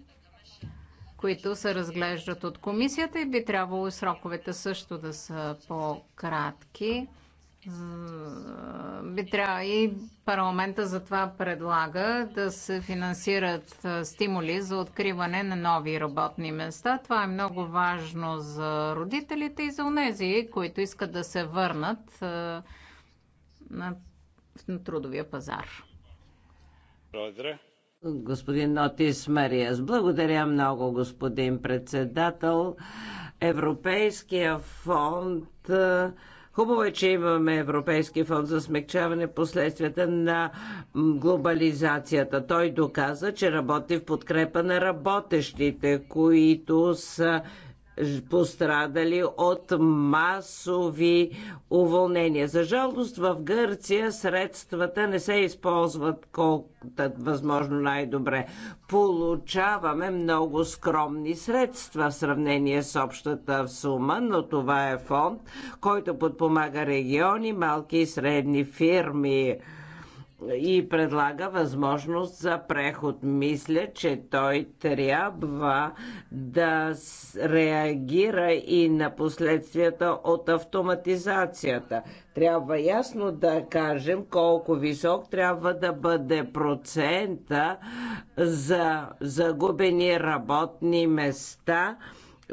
които се разглеждат от комисията и би трябвало сроковете също да са по-кратки. Би трябва и парламента затова предлага да се финансират стимули за откриване на нови работни места. Това е много важно за родителите и за онези, които искат да се върнат на, на трудовия пазар. Благодаря. Господин Нотис Мариас, благодаря много, господин председател. Европейския фонд Хубаво е, че имаме Европейски фонд за смягчаване последствията на глобализацията. Той доказа, че работи в подкрепа на работещите, които са пострадали от масови уволнения. За жалост в Гърция средствата не се използват колкото е възможно най-добре. Получаваме много скромни средства в сравнение с общата сума, но това е фонд, който подпомага региони, малки и средни фирми и предлага възможност за преход. Мисля, че той трябва да реагира и на последствията от автоматизацията. Трябва ясно да кажем колко висок трябва да бъде процента за загубени работни места –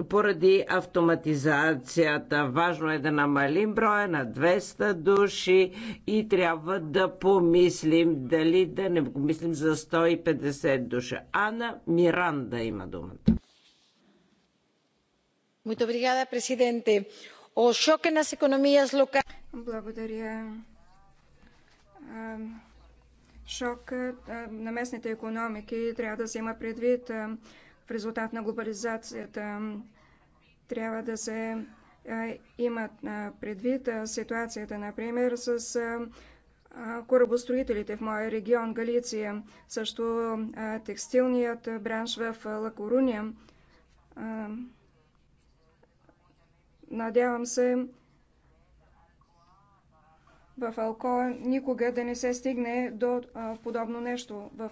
поради автоматизацията. Важно е да намалим броя на 200 души и трябва да помислим дали да не помислим за 150 души. Ана Миранда има думата. Muito obrigada, presidente. O choque nas economias locais. Благодаря. Шок на местните економики трябва да се има предвид в резултат на глобализацията. Трябва да се имат предвид ситуацията, например, с корабостроителите в моя регион Галиция, също текстилният бранш в Лакоруния. Надявам се в алко никога да не се стигне до подобно нещо в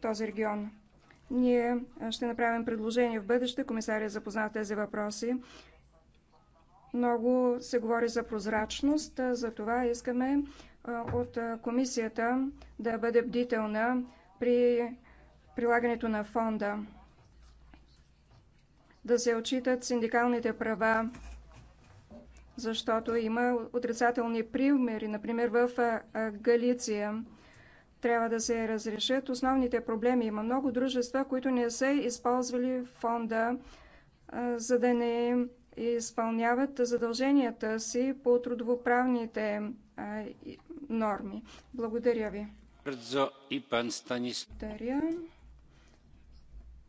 този регион. Ние ще направим предложение в бъдеще. Комисария запозна тези въпроси. Много се говори за прозрачност, за това искаме от комисията да бъде бдителна при прилагането на фонда, да се отчитат синдикалните права, защото има отрицателни примери, например в Галиция трябва да се разрешат основните проблеми. Има много дружества, които не са използвали фонда, за да не изпълняват задълженията си по трудовоправните норми. Благодаря ви. Благодаря.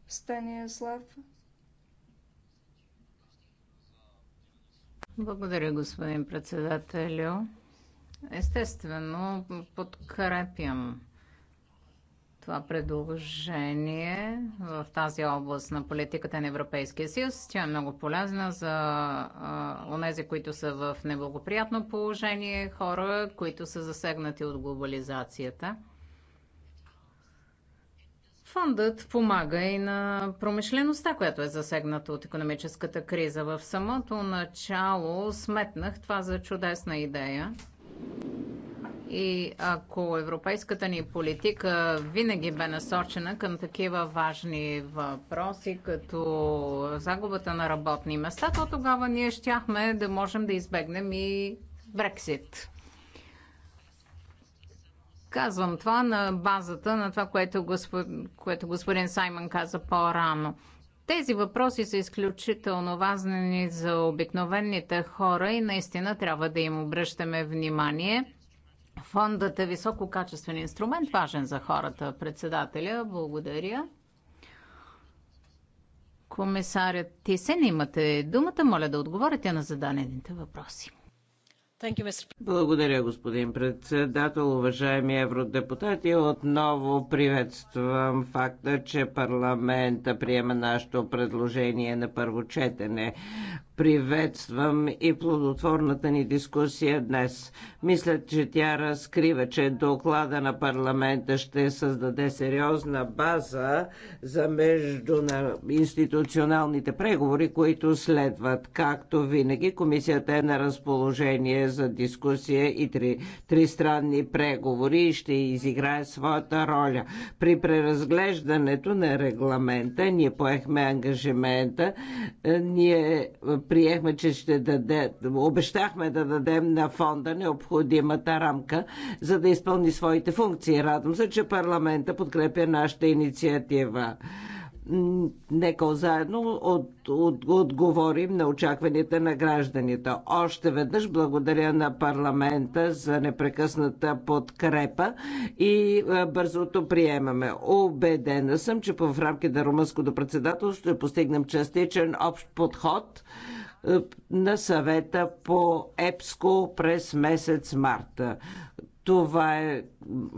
Станислав. Благодаря, господин председателю. Естествено, подкрепям това предложение в тази област на политиката на Европейския съюз. Тя е много полезна за онези, които са в неблагоприятно положение, хора, които са засегнати от глобализацията. Фондът помага и на промишлеността, която е засегната от економическата криза. В самото начало сметнах това за чудесна идея. И ако европейската ни политика винаги бе насочена към такива важни въпроси, като загубата на работни места, то тогава ние щяхме да можем да избегнем и Брексит. Казвам това на базата на това, което, госпо... което господин Саймън каза по-рано. Тези въпроси са изключително важни за обикновените хора и наистина трябва да им обръщаме внимание Фондът е висококачествен инструмент, важен за хората. Председателя, благодаря. Комисарят Тисен, имате думата. Моля да отговорите на зададените въпроси. Благодаря, господин председател. Уважаеми евродепутати, отново приветствам факта, че парламента приема нашето предложение на първо четене. Приветствам и плодотворната ни дискусия днес. Мисля, че тя разкрива, че доклада на парламента ще създаде сериозна база за междуинституционалните преговори, които следват. Както винаги, комисията е на разположение за дискусия и три, тристранни преговори и ще изиграе своята роля. При преразглеждането на регламента ние поехме ангажимента, е, ние приехме, че ще даде, обещахме да дадем на фонда необходимата рамка, за да изпълни своите функции. Радвам се, че парламента подкрепя нашата инициатива нека заедно от, от, отговорим на очакванията на гражданите. Още веднъж благодаря на парламента за непрекъсната подкрепа и е, бързото приемаме. Обедена съм, че в рамките на румънското председателство ще постигнем частичен общ подход е, на съвета по ЕПСКО през месец марта. Това е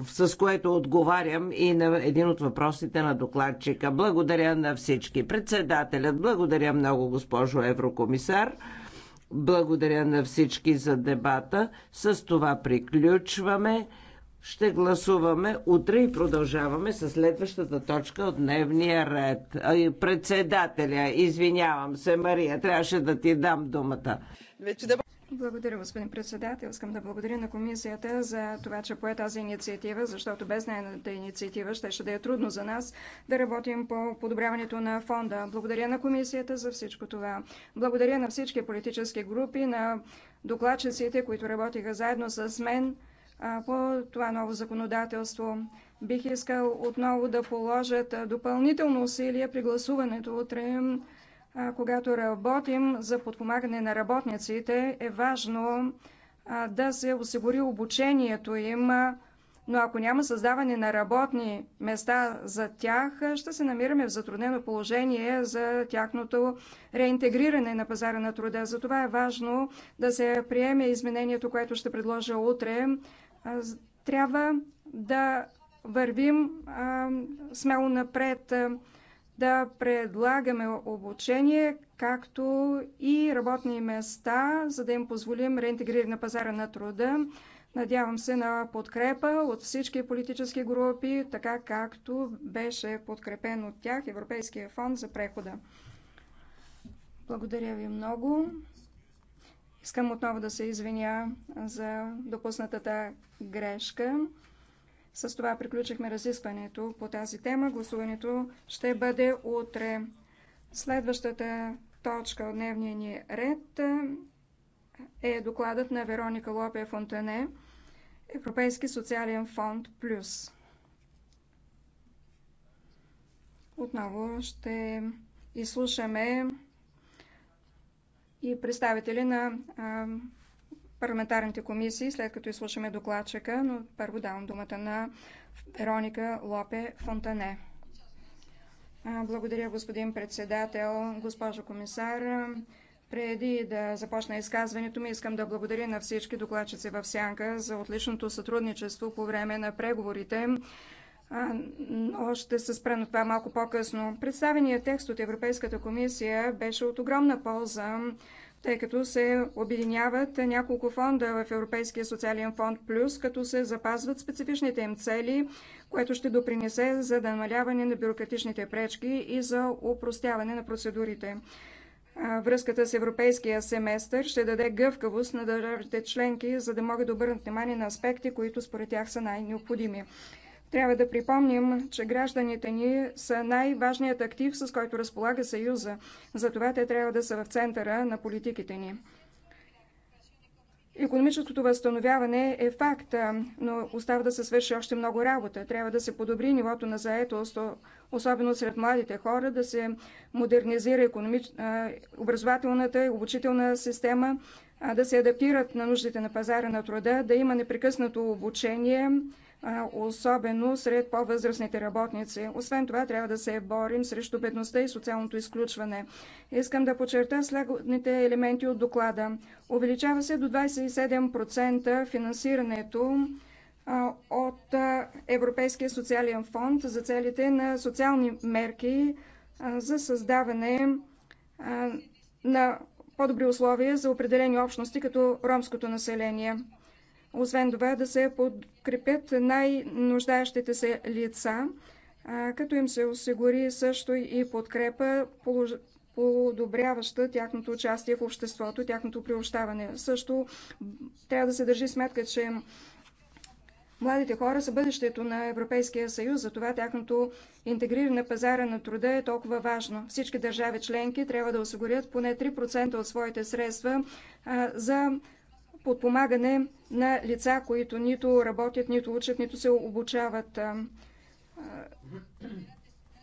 с което отговарям и на един от въпросите на докладчика. Благодаря на всички. Председателят, благодаря много, госпожо Еврокомисар. Благодаря на всички за дебата. С това приключваме ще гласуваме утре и продължаваме с следващата точка от дневния ред. Председателя, извинявам се, Мария, трябваше да ти дам думата. Благодаря, господин председател. Искам да благодаря на комисията за това, че пое тази инициатива, защото без нейната инициатива ще, ще да е трудно за нас да работим по подобряването на фонда. Благодаря на комисията за всичко това. Благодаря на всички политически групи, на докладчиците, които работиха заедно с мен – по това ново законодателство. Бих искал отново да положат допълнително усилие при гласуването утре, когато работим за подпомагане на работниците. Е важно да се осигури обучението им, но ако няма създаване на работни места за тях, ще се намираме в затруднено положение за тяхното реинтегриране на пазара на труда. Затова е важно да се приеме изменението, което ще предложа утре трябва да вървим смело напред, да предлагаме обучение, както и работни места, за да им позволим реинтегриране на пазара на труда. Надявам се на подкрепа от всички политически групи, така както беше подкрепен от тях Европейския фонд за прехода. Благодаря ви много. Искам отново да се извиня за допуснатата грешка. С това приключихме разискването по тази тема. Гласуването ще бъде утре. Следващата точка от дневния ни ред е докладът на Вероника Лопе Фонтане, Европейски социален фонд Плюс. Отново ще изслушаме и представители на парламентарните комисии, след като изслушаме докладчика, но първо давам думата на Вероника Лопе Фонтане. Благодаря, господин председател, госпожо комисар. Преди да започна изказването ми, искам да благодаря на всички докладчици в Сянка за отличното сътрудничество по време на преговорите но ще се спра на това малко по-късно. Представеният текст от Европейската комисия беше от огромна полза, тъй като се обединяват няколко фонда в Европейския социален фонд Плюс, като се запазват специфичните им цели, което ще допринесе за да намаляване на бюрократичните пречки и за упростяване на процедурите. Връзката с европейския семестър ще даде гъвкавост на държавите членки, за да могат да обърнат внимание на аспекти, които според тях са най-необходими. Трябва да припомним, че гражданите ни са най-важният актив, с който разполага Съюза. Затова те трябва да са в центъра на политиките ни. Економическото възстановяване е факт, но остава да се свърши още много работа. Трябва да се подобри нивото на заетост, особено сред младите хора, да се модернизира економич... образователната и обучителна система, да се адаптират на нуждите на пазара на труда, да има непрекъснато обучение, особено сред по-възрастните работници. Освен това, трябва да се борим срещу бедността и социалното изключване. Искам да подчерта следните елементи от доклада. Увеличава се до 27% финансирането от Европейския социален фонд за целите на социални мерки за създаване на по-добри условия за определени общности, като ромското население. Освен това да се подкрепят най-нуждаещите се лица, като им се осигури също и подкрепа, подобряваща тяхното участие в обществото, тяхното приобщаване. Също трябва да се държи сметка, че Младите хора са бъдещето на Европейския съюз, затова тяхното интегриране пазара на труда е толкова важно. Всички държави членки трябва да осигурят поне 3% от своите средства за подпомагане на лица, които нито работят, нито учат, нито се обучават.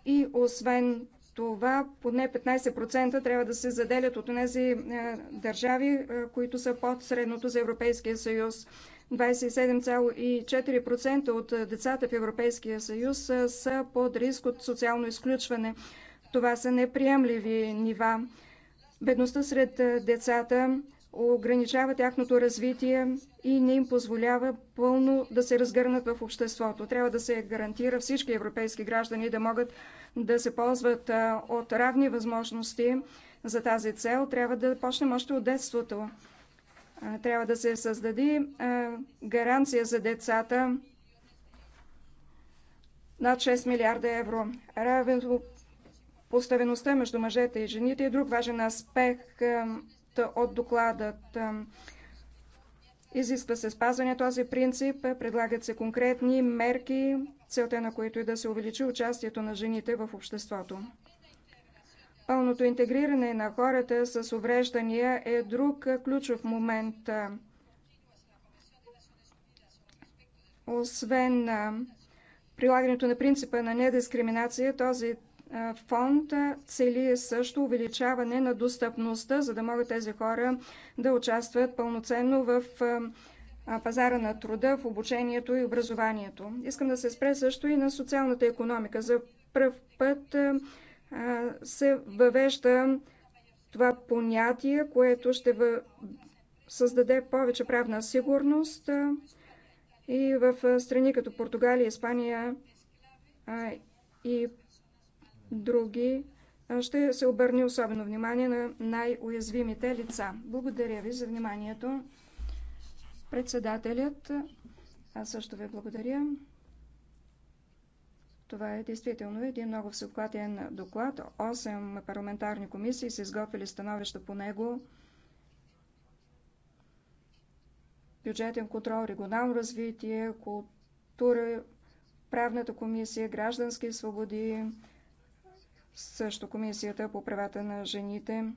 И освен това, поне 15% трябва да се заделят от тези държави, които са под средното за Европейския съюз. 27,4% от децата в Европейския съюз са под риск от социално изключване. Това са неприемливи нива. Бедността сред децата ограничава тяхното развитие и не им позволява пълно да се разгърнат в обществото. Трябва да се гарантира всички европейски граждани да могат да се ползват от равни възможности за тази цел. Трябва да почнем още от детството. Трябва да се създаде гаранция за децата над 6 милиарда евро. Равенство поставеността между мъжете и жените е друг важен аспект от докладът. Изисква се спазване този принцип, предлагат се конкретни мерки, целта на които е да се увеличи участието на жените в обществото. Пълното интегриране на хората с увреждания е друг ключов момент. Освен прилагането на принципа на недискриминация, този фонд цели също увеличаване на достъпността, за да могат тези хора да участват пълноценно в пазара на труда, в обучението и образованието. Искам да се спре също и на социалната економика. За пръв път се въвежда това понятие, което ще създаде повече правна сигурност и в страни като Португалия, Испания и други ще се обърне особено внимание на най-уязвимите лица. Благодаря ви за вниманието. Председателят, аз също ви благодаря. Това е действително един много всеобхватен доклад. Осем парламентарни комисии са изготвили становища по него. Бюджетен контрол, регионално развитие, култура, правната комисия, граждански свободи, също Комисията по правата на жените.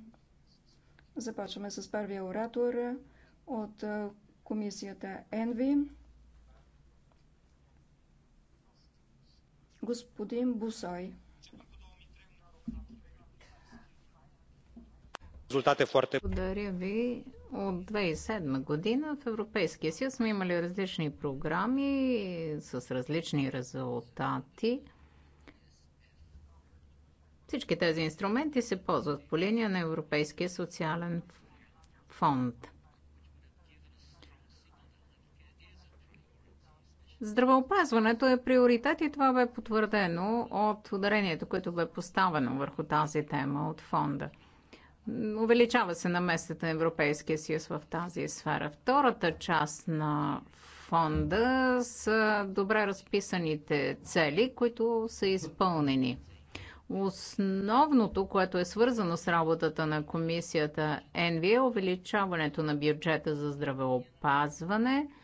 Започваме с първия оратор от Комисията ЕНВИ. Господин Бусой. резултат е форте. Благодаря ви. От 2007 година в Европейския съюз сме имали различни програми с различни резултати. Всички тези инструменти се ползват по линия на Европейския социален фонд. Здравеопазването е приоритет и това бе потвърдено от ударението, което бе поставено върху тази тема от фонда. Увеличава се местата на Европейския съюз в тази сфера. Втората част на фонда са добре разписаните цели, които са изпълнени. Основното, което е свързано с работата на комисията ЕНВИ е увеличаването на бюджета за здравеопазване –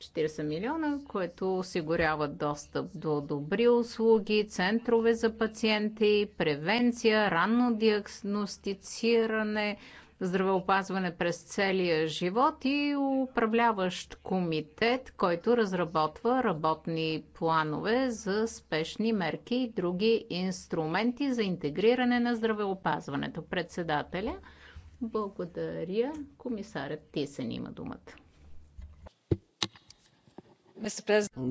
40 милиона, което осигурява достъп до добри услуги, центрове за пациенти, превенция, ранно диагностициране, здравеопазване през целия живот и управляващ комитет, който разработва работни планове за спешни мерки и други инструменти за интегриране на здравеопазването. Председателя, благодаря. Комисарят Тисен има думата.